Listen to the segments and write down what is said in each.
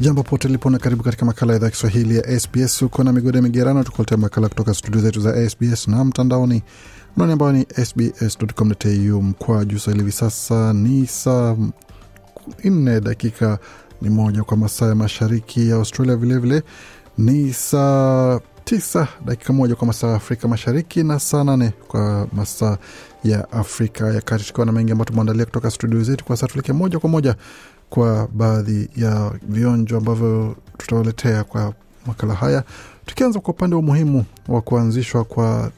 Jambo pote lipo na karibu katika makala ya idhaa ya Kiswahili ya SBS. Uko na migode migerano, tukuletea makala kutoka studio zetu za SBS na mtandaoni anani ambayo ni sbs.com.au mkwa juu swahili. Hivi sasa ni saa nne dakika ni moja kwa masaa ya mashariki ya Australia, vilevile vile, ni saa tisa dakika moja kwa masaa ya Afrika Mashariki na saa nane kwa masaa ya Afrika ya Kati, tukiwa na mengi ambayo tumeandalia kutoka studio zetu. Kwa sasa tuelekea moja kwa moja kwa baadhi ya vionjo ambavyo tutawaletea kwa makala haya, tukianza kwa upande wa umuhimu wa kuanzishwa kwa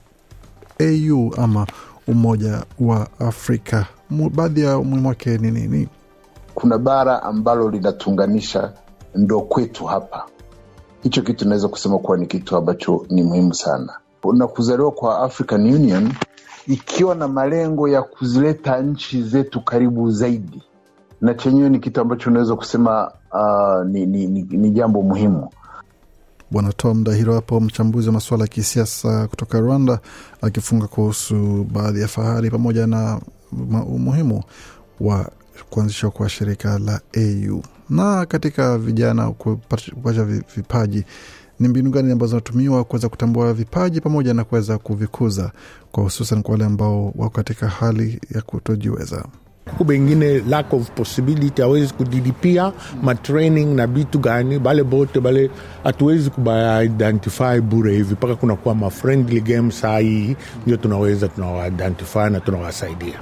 AU ama Umoja wa Afrika. Baadhi ya umuhimu wake ni nini? Kuna bara ambalo linatuunganisha, ndo kwetu hapa. Hicho kitu inaweza kusema kuwa ni kitu ambacho ni muhimu sana, na kuzaliwa kwa African Union ikiwa na malengo ya kuzileta nchi zetu karibu zaidi na chenyewe ni kitu ambacho unaweza kusema uh, ni, ni, ni, ni jambo muhimu. Bwana Tom Dahiro hapo, mchambuzi wa masuala ya kisiasa kutoka Rwanda, akifunga kuhusu baadhi ya fahari pamoja na umuhimu wa kuanzishwa kwa shirika la AU. Na katika vijana kupasha vipaji, ni mbinu gani ambazo zinatumiwa kuweza kutambua vipaji pamoja na kuweza kuvikuza, kwa hususan kwa wale ambao wako katika hali ya kutojiweza? huku bengine lack of possibility awezi kudilipia matraining na vitu gani bale bote bale hatuwezi kubaidentify bure hivi mpaka kunakuwa mafriendly game saa hii ndio tunaweza tunawaidentify na tunawasaidia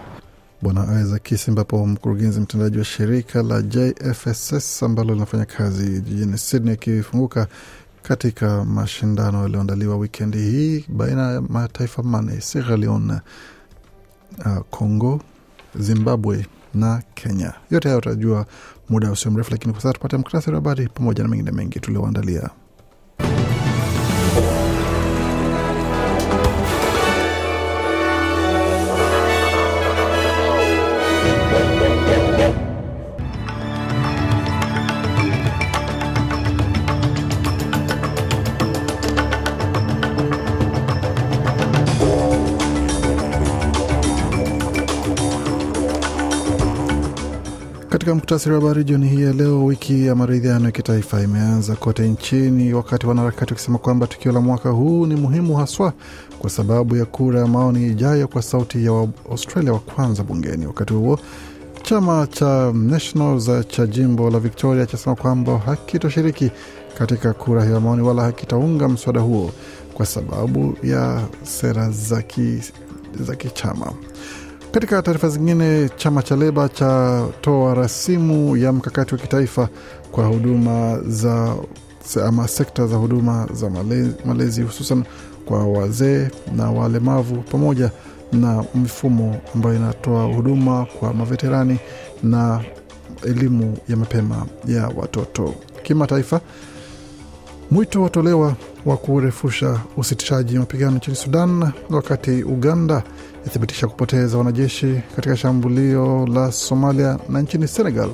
Bwana kisi ambapo mkurugenzi mtendaji wa shirika la JFSS ambalo linafanya kazi jijini Sydney, akifunguka katika mashindano yaliyoandaliwa wikendi hii baina ya mataifa mane Sierra Leone, uh, Congo, Zimbabwe na Kenya. Yote hayo utajua muda usio mrefu, lakini kwa sasa tupate mktasari wa habari pamoja na mengine mengi tulioandalia. Muktasari wa habari jioni hii ya leo. Wiki ya maridhiano ya kitaifa imeanza kote nchini, wakati wanaharakati wakisema kwamba tukio la mwaka huu ni muhimu haswa kwa sababu ya kura ya maoni ijayo kwa sauti ya Australia wa kwanza bungeni. Wakati huo chama cha Nationals cha jimbo la Victoria chasema kwamba hakitoshiriki katika kura ya maoni wala hakitaunga mswada huo kwa sababu ya sera za kichama. Katika taarifa zingine, chama cha Leba chatoa rasimu ya mkakati wa kitaifa kwa huduma za ama sekta za huduma za malezi, malezi hususan kwa wazee na walemavu pamoja na mifumo ambayo inatoa huduma kwa maveterani na elimu ya mapema ya watoto. Kimataifa, mwito watolewa wa kurefusha usitishaji mapigano nchini Sudan, wakati Uganda ithibitisha kupoteza wanajeshi katika shambulio la Somalia na nchini Senegal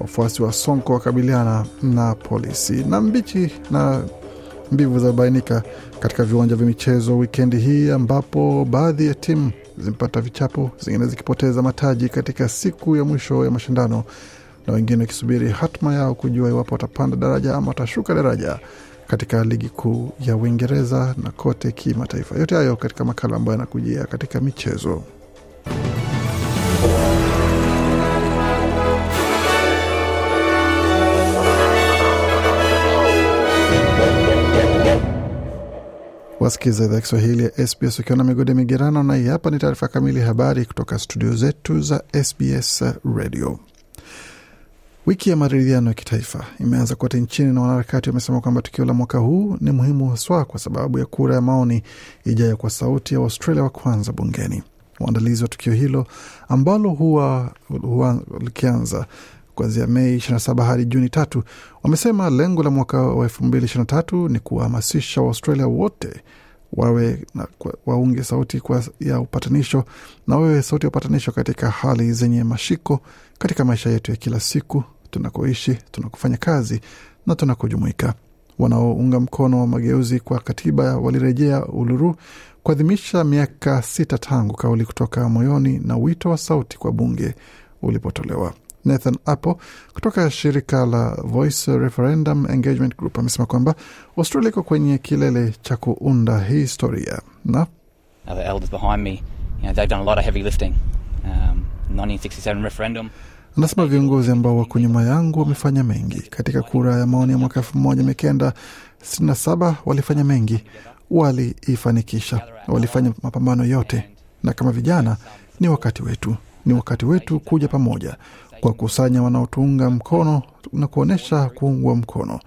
wafuasi wa Sonko wakabiliana na polisi, na mbichi na mbivu za bainika katika viwanja vya michezo wikendi hii, ambapo baadhi ya timu zimepata vichapo, zingine zikipoteza mataji katika siku ya mwisho ya mashindano, na wengine wakisubiri hatma yao kujua iwapo watapanda daraja ama watashuka daraja katika ligi kuu ya Uingereza na kote kimataifa. Yote hayo katika makala ambayo yanakujia katika michezo. Wasikiza idhaa Kiswahili ya SBS ukiwa na migode migerano, na hii hapa ni taarifa kamili habari kutoka studio zetu za SBS Radio. Wiki ya maridhiano ya kitaifa imeanza kote nchini na wanaharakati wamesema kwamba tukio la mwaka huu ni muhimu haswa kwa sababu ya kura ya maoni ijayo kwa sauti ya Waustralia wa kwanza bungeni. Waandalizi wa tukio hilo ambalo huwa, huwa likianza kuanzia Mei 27 hadi Juni tatu wamesema lengo la mwaka wa 2023 ni kuwahamasisha Waustralia wote wawe na, kwa, waunge sauti kwa, ya upatanisho na wewe sauti ya upatanisho katika hali zenye mashiko katika maisha yetu ya kila siku tunakoishi, tunakofanya kazi na tunakojumuika. Wanaounga mkono wa mageuzi kwa katiba walirejea Uluru kuadhimisha miaka sita tangu kauli kutoka moyoni na wito wa sauti kwa bunge ulipotolewa. Nathan Apple kutoka shirika la Voice Referendum Engagement Group amesema kwamba Australia iko kwenye kilele cha kuunda historia na the elders behind me, you know, they've done a lot of heavy lifting. Um, 1967 referendum Anasema viongozi ambao wako nyuma yangu wamefanya mengi katika kura ya maoni ya mwaka 1967. Walifanya mengi, waliifanikisha, walifanya mapambano yote, na kama vijana, ni wakati wetu, ni wakati wetu kuja pamoja, kwa kusanya wanaotuunga mkono na kuonyesha kuungwa mkono.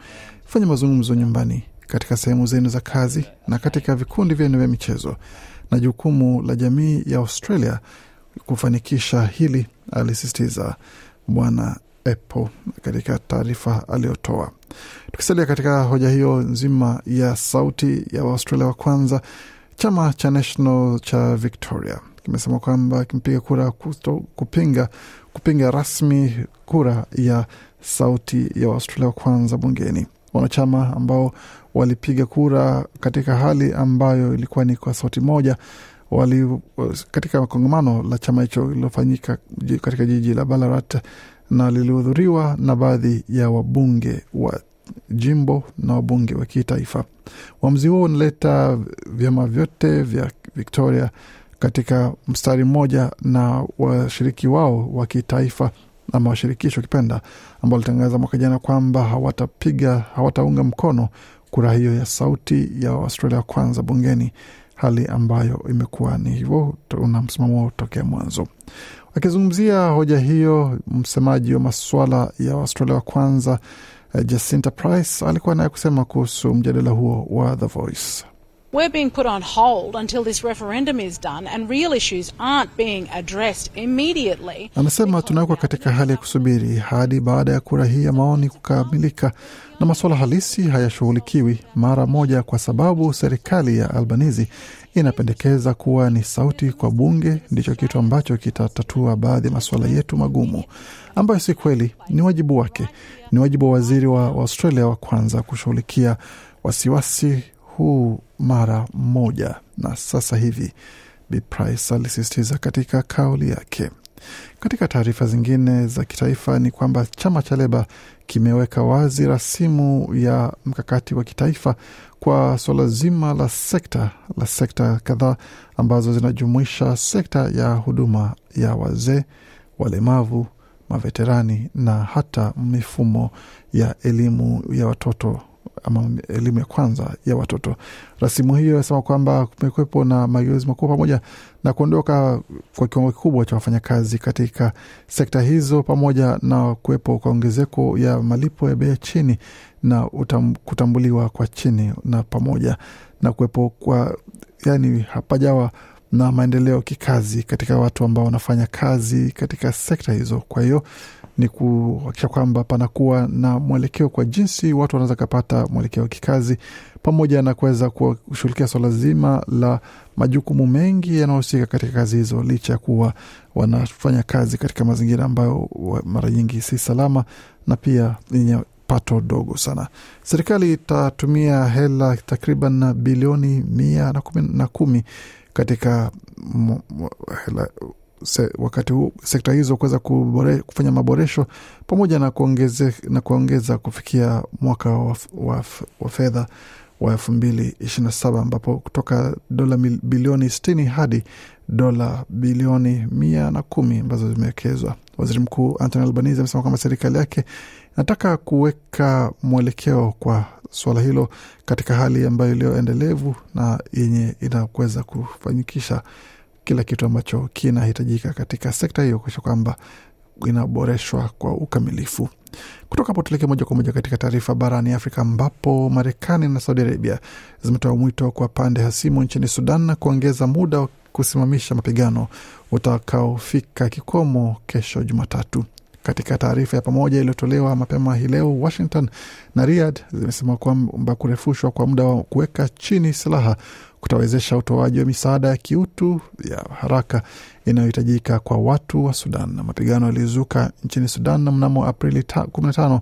Fanya mazungumzo nyumbani, katika sehemu zenu za kazi na katika vikundi vyenu vya michezo. Na jukumu la jamii ya Australia kufanikisha hili, alisisitiza Bwana Apple katika taarifa aliyotoa. Tukisalia katika hoja hiyo nzima ya sauti ya Waustralia wa kwanza, chama cha National cha Victoria kimesema kwamba kimpiga kura kusto, kupinga kupinga rasmi kura ya sauti ya waustralia wa kwanza bungeni. Wanachama ambao walipiga kura katika hali ambayo ilikuwa ni kwa sauti moja wali, katika kongamano la chama hicho lililofanyika katika jiji la Ballarat na lilihudhuriwa na baadhi ya wabunge wa jimbo na wabunge wa kitaifa. Uamuzi huo unaleta vyama vyote vya Victoria katika mstari mmoja na washiriki wao wa kitaifa ama washirikisho kipenda ambao walitangaza mwaka jana kwamba hawatapiga hawataunga mkono kura hiyo ya sauti ya Australia kwanza bungeni, hali ambayo imekuwa ni hivyo una msimamo tokea mwanzo. Akizungumzia hoja hiyo, msemaji wa maswala ya Australia wa kwanza eh, Jacinta Price alikuwa naye kusema kuhusu mjadala huo wa The Voice we're being put on hold until this referendum is done and real issues aren't being addressed immediately. Anasema tunawekwa katika hali ya kusubiri hadi baada ya kura hii ya maoni kukamilika na masuala halisi hayashughulikiwi mara moja, kwa sababu serikali ya Albanizi inapendekeza kuwa ni sauti kwa bunge ndicho kitu ambacho kitatatua baadhi ya masuala yetu magumu, ambayo si kweli. Ni wajibu wake, ni wajibu wa waziri wa Australia wa kwanza kushughulikia wasiwasi huu mara moja na sasa hivi, Bi Price alisisitiza katika kauli yake. Katika taarifa zingine za kitaifa ni kwamba chama cha Leba kimeweka wazi rasimu ya mkakati wa kitaifa kwa suala zima la sekta la sekta kadhaa ambazo zinajumuisha sekta ya huduma ya wazee, walemavu, maveterani na hata mifumo ya elimu ya watoto ama elimu ya kwanza ya watoto. Rasimu hiyo inasema kwamba kumekwepo na mageuzi makubwa pamoja na kuondoka kwa kiwango kikubwa cha wafanyakazi katika sekta hizo pamoja na kuwepo kwa ongezeko ya malipo ya bei ya chini na utam, kutambuliwa kwa chini na pamoja na kuwepo kwa yani, hapajawa na maendeleo kikazi katika watu ambao wanafanya kazi katika sekta hizo. Kwa hiyo ni kuhakikisha kwamba panakuwa na mwelekeo kwa jinsi watu wanaweza kapata mwelekeo wa kikazi, pamoja na kuweza kushughulikia swala zima la majukumu mengi yanayohusika katika kazi hizo, licha ya kuwa wanafanya kazi katika mazingira ambayo mara nyingi si salama na pia yenye pato dogo sana. Serikali itatumia hela takriban bilioni mia na kumi, na kumi katika hela se, wakati huu sekta hizo kuweza kufanya maboresho pamoja na, kuongeze, na kuongeza kufikia mwaka wa, wa, wa fedha wa elfu mbili ishirini na saba ambapo kutoka dola bilioni sitini hadi dola bilioni mia na kumi ambazo zimewekezwa. Waziri Mkuu Anthony Albanese amesema kwamba serikali yake inataka kuweka mwelekeo kwa suala hilo katika hali ambayo iliyo endelevu na yenye inaweza kufanyikisha kila kitu ambacho kinahitajika katika sekta hiyo kuisha kwamba inaboreshwa kwa ukamilifu. Kutoka hapo tuleke moja kwa moja katika taarifa barani Afrika, ambapo Marekani na Saudi Arabia zimetoa mwito kwa pande hasimu nchini Sudan na kuongeza muda wa kusimamisha mapigano utakaofika kikomo kesho Jumatatu. Katika taarifa ya pamoja iliyotolewa mapema hii leo, Washington na riad zimesema kwamba kurefushwa kwa muda wa kuweka chini silaha kutawezesha utoaji wa misaada ya kiutu ya haraka inayohitajika kwa watu wa Sudan. Na mapigano yalizuka nchini Sudan na mnamo Aprili 15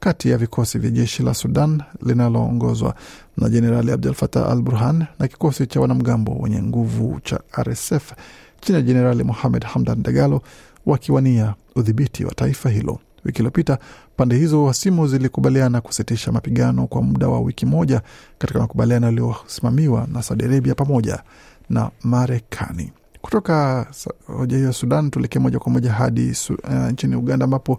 kati ya vikosi vya jeshi la Sudan linaloongozwa na Jenerali abdul fatah al Burhan na kikosi cha wanamgambo wenye nguvu cha RSF chini ya Jenerali Muhamed Hamdan Dagalo wakiwania udhibiti wa taifa hilo. Wiki iliyopita pande hizo hasimu zilikubaliana kusitisha mapigano kwa muda wa wiki moja katika makubaliano yaliyosimamiwa na Saudi Arabia pamoja na Marekani. Kutoka hoja hiyo ya Sudan, tuelekee moja kwa moja hadi su, uh, nchini Uganda ambapo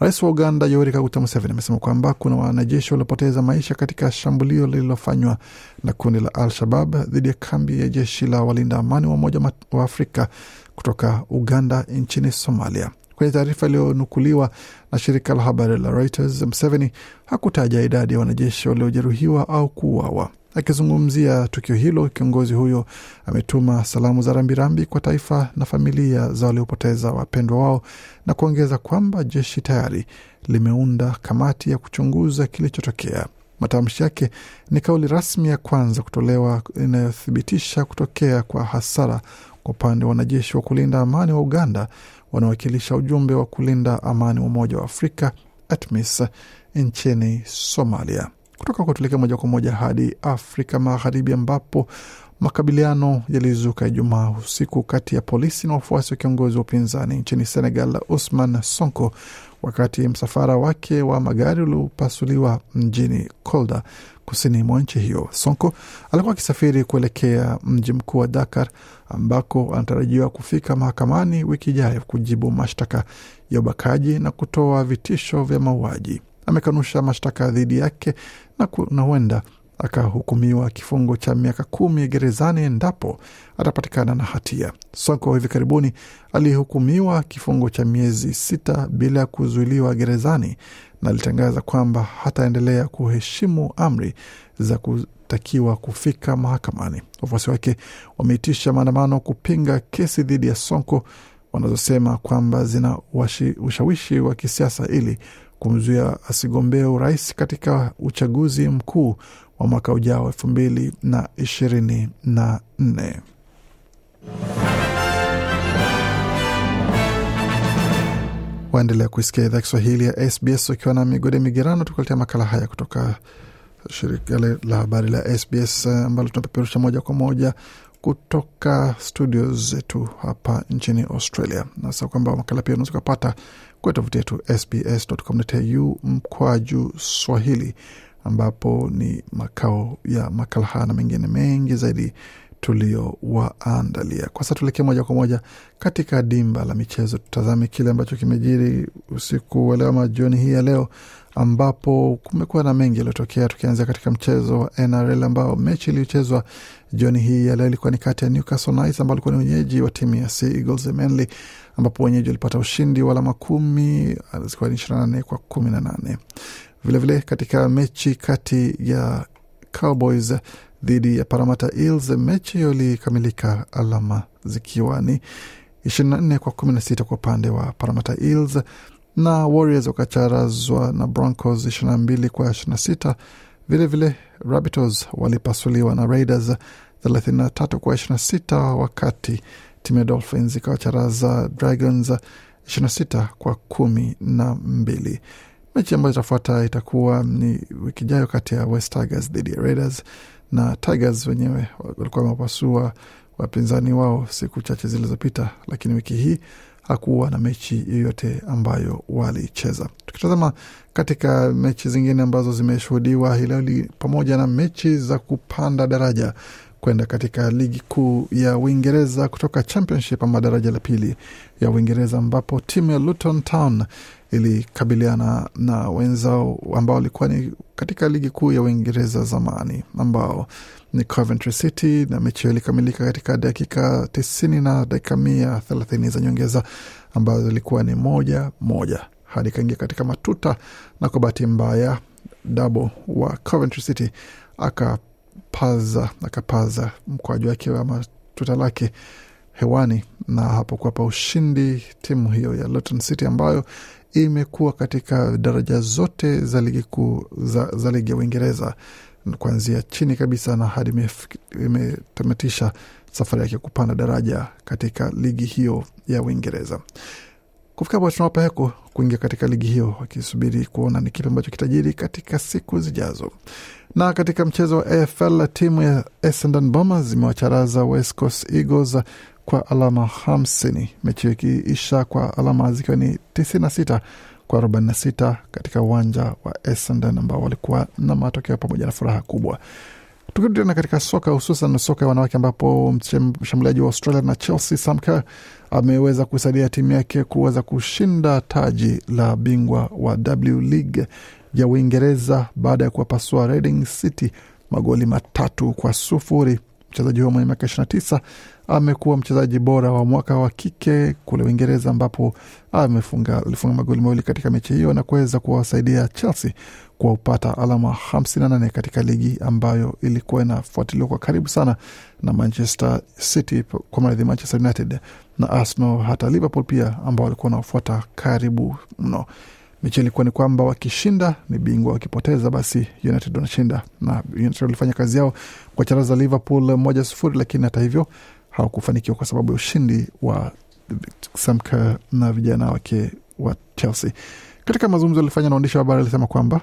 Rais wa Uganda Yoweri Kaguta Museveni amesema kwamba kuna wanajeshi waliopoteza maisha katika shambulio lililofanywa na kundi la Al-Shabab dhidi ya kambi ya jeshi la walinda amani wa Umoja wa Afrika kutoka Uganda nchini Somalia. Kwenye taarifa iliyonukuliwa na shirika la habari la Reuters, Mseveni hakutaja idadi ya wanajeshi waliojeruhiwa au kuuawa. Akizungumzia tukio hilo, kiongozi huyo ametuma salamu za rambirambi kwa taifa na familia za waliopoteza wapendwa wao na kuongeza kwamba jeshi tayari limeunda kamati ya kuchunguza kilichotokea. Matamshi yake ni kauli rasmi ya kwanza kutolewa inayothibitisha kutokea kwa hasara kwa upande wa wanajeshi wa kulinda amani wa Uganda wanaowakilisha ujumbe wa kulinda amani wa Umoja wa Afrika ATMIS nchini Somalia. Kutoka kwa tulekea moja kwa moja hadi Afrika Magharibi ambapo makabiliano yalizuka Ijumaa usiku kati ya polisi na wafuasi wa kiongozi wa upinzani nchini Senegal Usman Sonko wakati msafara wake wa magari uliopasuliwa mjini Kolda kusini mwa nchi hiyo. Sonko alikuwa akisafiri kuelekea mji mkuu wa Dakar ambako anatarajiwa kufika mahakamani wiki ijayo kujibu mashtaka ya ubakaji na kutoa vitisho vya mauaji. Amekanusha mashtaka dhidi yake na, na huenda akahukumiwa kifungo cha miaka kumi gerezani endapo atapatikana na hatia. Sonko hivi karibuni alihukumiwa kifungo cha miezi sita bila ya kuzuiliwa gerezani na alitangaza kwamba hataendelea kuheshimu amri za kutakiwa kufika mahakamani. Wafuasi wake wameitisha maandamano kupinga kesi dhidi ya Sonko wanazosema kwamba zina washi, ushawishi wa kisiasa ili kumzuia asigombee urais katika uchaguzi mkuu wa mwaka ujao elfu mbili na ishirini na nne. Waendelea kuisikia idhaa Kiswahili ya SBS ukiwa na migode migerano, tukuletea makala haya kutoka shirika la habari la SBS eh, ambalo tunapeperusha moja kwa moja kutoka studio zetu hapa nchini Australia. Nasa kwamba makala pia unaweza ukapata kwenye tovuti yetu sbs.com.au mkwaju swahili ambapo ni makao ya makala haya na mengine mengi zaidi tuliowaandalia. Kwa sasa tuelekee moja kwa moja katika dimba la michezo, tutazame kile ambacho kimejiri usiku wa leo ama jioni hii ya leo, ambapo kumekuwa na mengi yaliyotokea, tukianzia katika mchezo wa NRL ambao mechi iliyochezwa jioni hii ya leo ilikuwa ni kati ya Newcastle Knights ambao alikuwa ni wenyeji wa timu ya Sea Eagles Manly, ambapo wenyeji walipata ushindi wa alama kumi, zikiwa ni ishirini na nane kwa kumi na nane. Vilevile vile katika mechi kati ya Cowboys dhidi ya paramata Eels, mechi hiyo ilikamilika alama zikiwa ni 24 kwa 16 kwa upande wa Paramata Eels na Warriors wakacharazwa na Broncos 22 kwa 26. Vilevile Rabbitohs walipasuliwa na Raiders 33 kwa 26, wakati timu ya Dolphins ikawacharaza Dragons 26 kwa kumi na mbili. Mechi ambayo itafuata itakuwa ni wiki ijayo kati ya West Tigers dhidi ya Raiders, na Tigers wenyewe walikuwa wamewapasua wapinzani wao siku chache zilizopita, lakini wiki hii hakuwa na mechi yoyote ambayo walicheza. Tukitazama katika mechi zingine ambazo zimeshuhudiwa hii leo, pamoja na mechi za kupanda daraja kwenda katika ligi kuu ya Uingereza kutoka Championship ama daraja la pili ya Uingereza, ambapo timu ya Luton Town ilikabiliana na wenzao ambao walikuwa ni katika ligi kuu ya Uingereza zamani ambao ni Coventry City, na mechi hiyo ilikamilika katika dakika tisini na dakika mia thelathini za nyongeza ambazo zilikuwa ni moja moja hadi ikaingia katika matuta, na kwa bahati mbaya dabo wa Coventry City aka akapaza akapaza mkwaju wake ama tuta lake hewani na hapo kuwapa ushindi timu hiyo ya Luton City ambayo imekuwa katika daraja zote za ligi kuu za, za ligi ya Uingereza kuanzia chini kabisa na hadi imetamatisha safari yake kupanda daraja katika ligi hiyo ya Uingereza kufika hapo tunawapa heko kuingia katika ligi hiyo, wakisubiri kuona ni kipi ambacho kitajiri katika siku zijazo. Na katika mchezo wa AFL timu ya Essendon Bombers zimewacharaza West Coast Eagles kwa alama 50, mechi ikiisha kwa alama zikiwa ni 96 kwa 46 katika uwanja wa Essendon ambao walikuwa na matokeo pamoja na furaha kubwa. Tukirudi tena katika soka, hususan soka ya wanawake, ambapo mshambuliaji wa Australia na Chelsea Sam ameweza kusaidia timu yake kuweza kushinda taji la bingwa wa W League ya Uingereza baada ya kuwapasua Reading City magoli matatu kwa sufuri. Mchezaji huyo mwenye miaka 29 amekuwa mchezaji bora wa mwaka wa kike kule Uingereza, ambapo amefunga alifunga magoli mawili katika mechi hiyo na kuweza kuwasaidia Chelsea kwa upata alama 58 katika ligi ambayo ilikuwa inafuatiliwa kwa karibu sana na Manchester City kwa maradhi Manchester United na Arsenal, hata Liverpool pia ambao walikuwa wanaofuata karibu mno. Mechi ilikuwa ni kwamba wakishinda ni bingwa, wakipoteza basi United wanashinda, na United walifanya kazi yao kwa charaza Liverpool moja sufuri, lakini hata hivyo hawakufanikiwa kwa sababu ya ushindi wa Samka na vijana wake wa Chelsea. Katika mazungumzo alifanya na waandishi wa habari alisema kwamba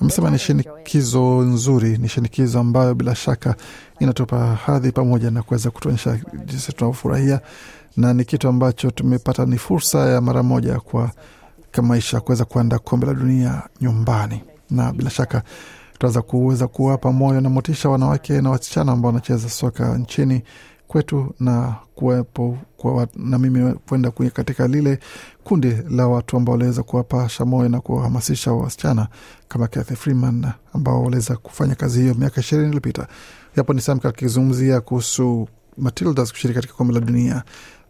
amesema ni shinikizo nzuri, ni shinikizo ambayo bila shaka inatupa hadhi pamoja na kuweza kutuonyesha jinsi tunavyofurahia, na ni kitu ambacho tumepata, ni fursa ya mara moja kwa maisha kuweza kuandaa kombe la dunia nyumbani, na bila shaka tutaweza kuweza kuwapa moyo na motisha wanawake na wasichana ambao wanacheza soka nchini kwetu na kuwepo kwa na mimi kwenda katika lile kundi la watu ambao waliweza kuwapasha moyo na kuwahamasisha wasichana kama Kathy Freeman ambao waliweza kufanya kazi hiyo miaka ishirini iliyopita. Yapo ni Samka akizungumzia kuhusu Matildas kushiriki katika kombe la dunia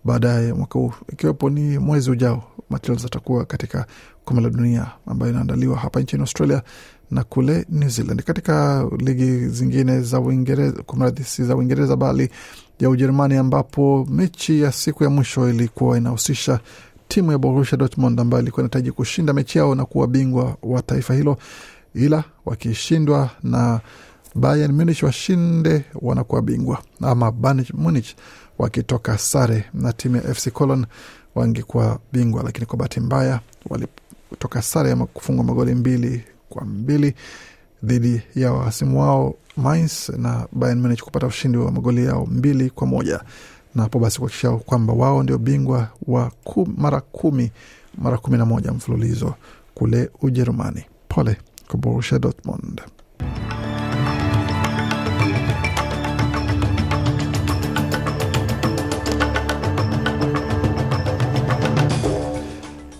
baadaye mwaka huu, ikiwepo ni mwezi ujao. Matildas atakuwa katika kombe la dunia ambayo inaandaliwa hapa nchini Australia na kule New Zealand. Katika ligi zingine za Uingereza, kumradhi, si za Uingereza bali ya Ujerumani, ambapo mechi ya siku ya mwisho ilikuwa inahusisha timu ya Borussia Dortmund ambayo ilikuwa inahitaji kushinda mechi yao na kuwa bingwa wa taifa hilo, ila wakishindwa na Bayern Munich washinde wanakuwa bingwa, ama Bayern Munich wakitoka sare na timu ya FC Cologne wangekuwa bingwa, lakini kwa bahati mbaya walitoka sare ama kufungwa magoli mbili kwa mbili dhidi ya wahasimu wao Mainz na Bayern Munich kupata ushindi wa magoli yao mbili kwa moja na hapo basi kuhakikisha kwamba wao ndio bingwa wa kum, mara kumi mara kumi na moja mfululizo kule Ujerumani. Pole kwa Borussia Dortmund.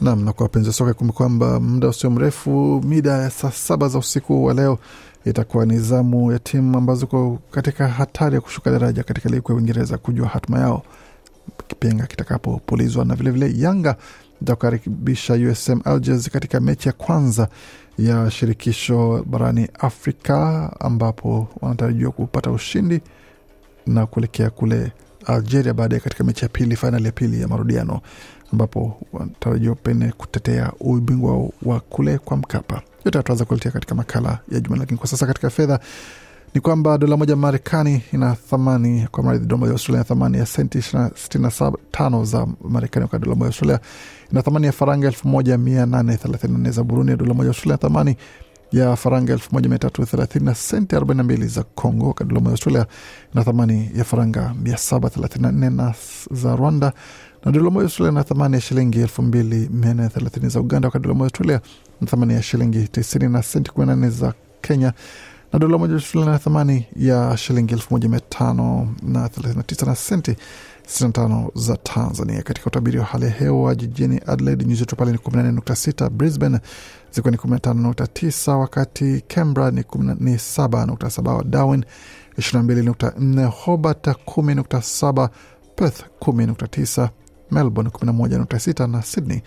Nam na kwa wapenzi wa soka, kumbe kwamba muda usio mrefu, mida ya saa saba za usiku wa leo itakuwa ni zamu ya timu ambazo ziko katika hatari ya kushuka daraja katika ligi kuu ya Uingereza kujua hatima yao kipenga kitakapopulizwa, na vilevile vile Yanga itakukaribisha USM alges katika mechi ya kwanza ya shirikisho barani Afrika ambapo wanatarajiwa kupata ushindi na kuelekea kule Algeria baadaye katika mechi ya pili, fainali ya pili ya marudiano ambapo wanatarajiwa pene kutetea ubingwa wa kule kwa Mkapa. Yote ataweza kuletea katika makala ya juma, lakini kwa sasa katika fedha ni kwamba dola moja Marekani ina thamani kwa mradhi, dola moja Australia ina thamani ya senti 65 za Marekani, wakati dola moja Australia ina thamani ya faranga 1834 za Burundi. Dola moja Australia ina thamani ya faranga 1330 senti 42 za Congo, wakati dola moja Australia na thamani ya faranga 734 na za Rwanda, na dola moja Australia na thamani ya shilingi 2430 za Uganda, wakati dola moja Australia na thamani ya shilingi 90 na senti 14 za Kenya na dola moja Australia na thamani ya shilingi 1539 na senti 65 za Tanzania. Katika utabiri wa hali ya hewa jijini Adelaide nyuzi joto pale ni 18.6, Brisbane zikiwa ni 15.9, wakati Canberra ni 7.7, Darwin 22.4, Hobart 10.7, Perth 10.9, Melbourne 11.6 na Sydney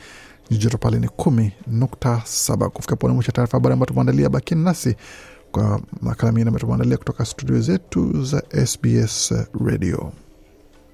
nyuzi joto pale ni 10.7. Kufika pone mwisho taarifa habari ambayo tumeandalia, bakini nasi kwa makala mengine ambayo tumeandalia kutoka studio zetu za SBS Radio.